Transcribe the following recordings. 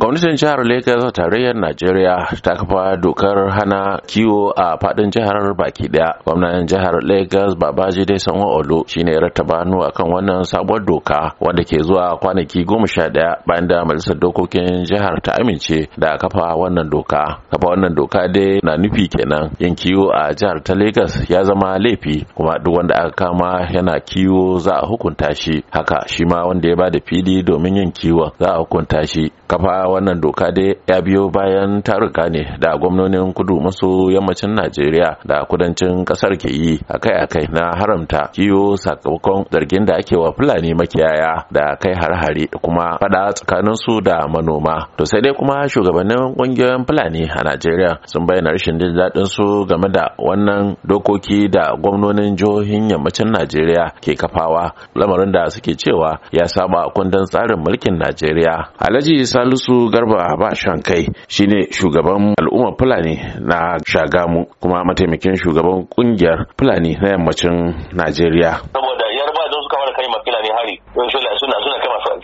gwamnatin jihar lagos tarayyar najeriya ta kafa dokar hana kiwo a fadin jihar baki daya gwamnatin jihar lagos babajide sanwa olu shine ya rattaba hannu akan wannan sabuwar doka wanda ke zuwa kwanaki goma sha daya bayan da majalisar dokokin jihar ta amince da kafa wannan doka kafa wannan doka dai na nufi kenan yin kiwo a jihar ta lagos ya zama laifi kuma duk wanda aka kama yana kiwo za a hukunta shi haka shi ma wanda ya ba da fili domin yin kiwon za a hukunta shi kafa wannan doka dai ya biyo bayan taruka ne da gwamnonin kudu maso yammacin najeriya da kudancin kasar ke yi akai-akai na haramta kiwo sakamakon zargin da ake wa fulani makiyaya da kai har-hare kuma fada tsakanin su da manoma to sai dai kuma shugabannin kungiyoyin fulani a najeriya sun bayyana rashin jin daɗin su game da wannan dokoki da gwamnonin jihohin yammacin najeriya ke kafawa lamarin da suke cewa ya saba kundin tsarin mulkin najeriya alhaji salisu garba ba shankai shine shugaban al'ummar fulani na shagamu kuma mataimakin shugaban kungiyar fulani na yammacin najeriya saboda yarba don suka fara kai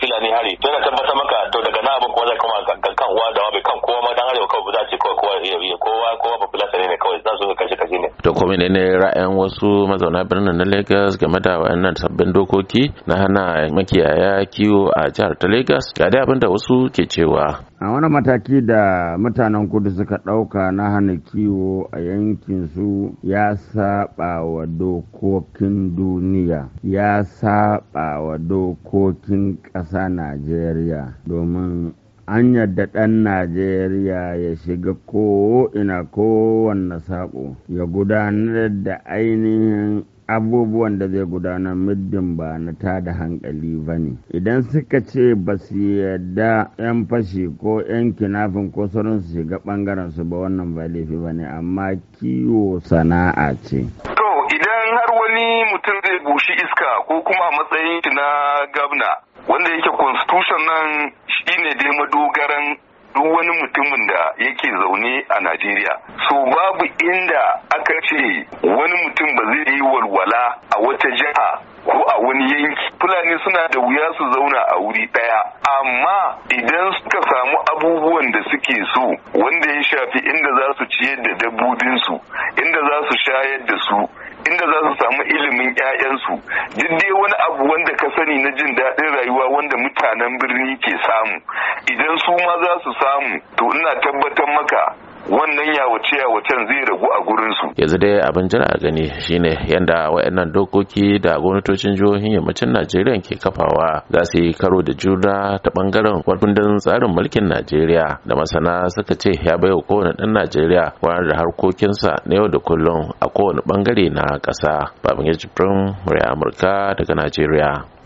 fulani hari tabbatar maka to daga na abin da kan kowa ma dan arewa kawai za ce kowa kowa kowa ba fulani ne kawai za su to kuma ne ra'ayin wasu mazauna birnin na Lagos game da wayannan sabbin dokoki na hana makiyaya kiwo a jihar ta Lagos ga dai abin da wasu ke cewa a wani mataki da mutanen kudu suka ɗauka na hana kiwo a yankin su ya saba wa dokokin duniya ya saba wa dokokin ƙasa najeriya domin an yadda ɗan Najeriya ya shiga ko'ina kowanne saƙo ya gudanar da ainihin abubuwan da zai gudanar muddin ba na tada hankali ba ne idan suka ce ba su yadda 'yan fashi ko 'yan kinafin ko sauransu shiga ɓangaren su ba wannan ba laifi ba ne amma kiwo sana'a ce. wani mutum zai bushi iska ko kuma matsayin shi na gabna wanda yake constitution nan shine dai madogaran duk wani mutumin da yake zaune a Najeriya. So babu inda aka ce wani mutum ba zai yi walwala a wata jiha ko a wani yanki. Fulani suna da wuya su zauna a wuri ɗaya. Amma idan suka samu abubuwan da suke so wanda ya shafi inda za su ciyar da dabbobinsu, inda za su shayar da su, inda za su samu ilimin 'ya'yansu duk dai wani abu wanda ka sani na jin daɗin rayuwa wanda mutanen birni ke samu idan su ma za su samu to ina tabbatar maka wannan ya ya yawacen zai ragu a gurin su yanzu dai abin jira a gani shine yanda wayannan dokoki da gwamnatocin jihohin yammacin Najeriya ke kafawa za su yi karo da juna ta bangaren kundin tsarin mulkin Najeriya da masana suka ce ya baiwa kowane dan Najeriya wayar da harkokinsa na yau da kullum a kowane bangare na ƙasa babin ya jibrin murya Amurka daga Najeriya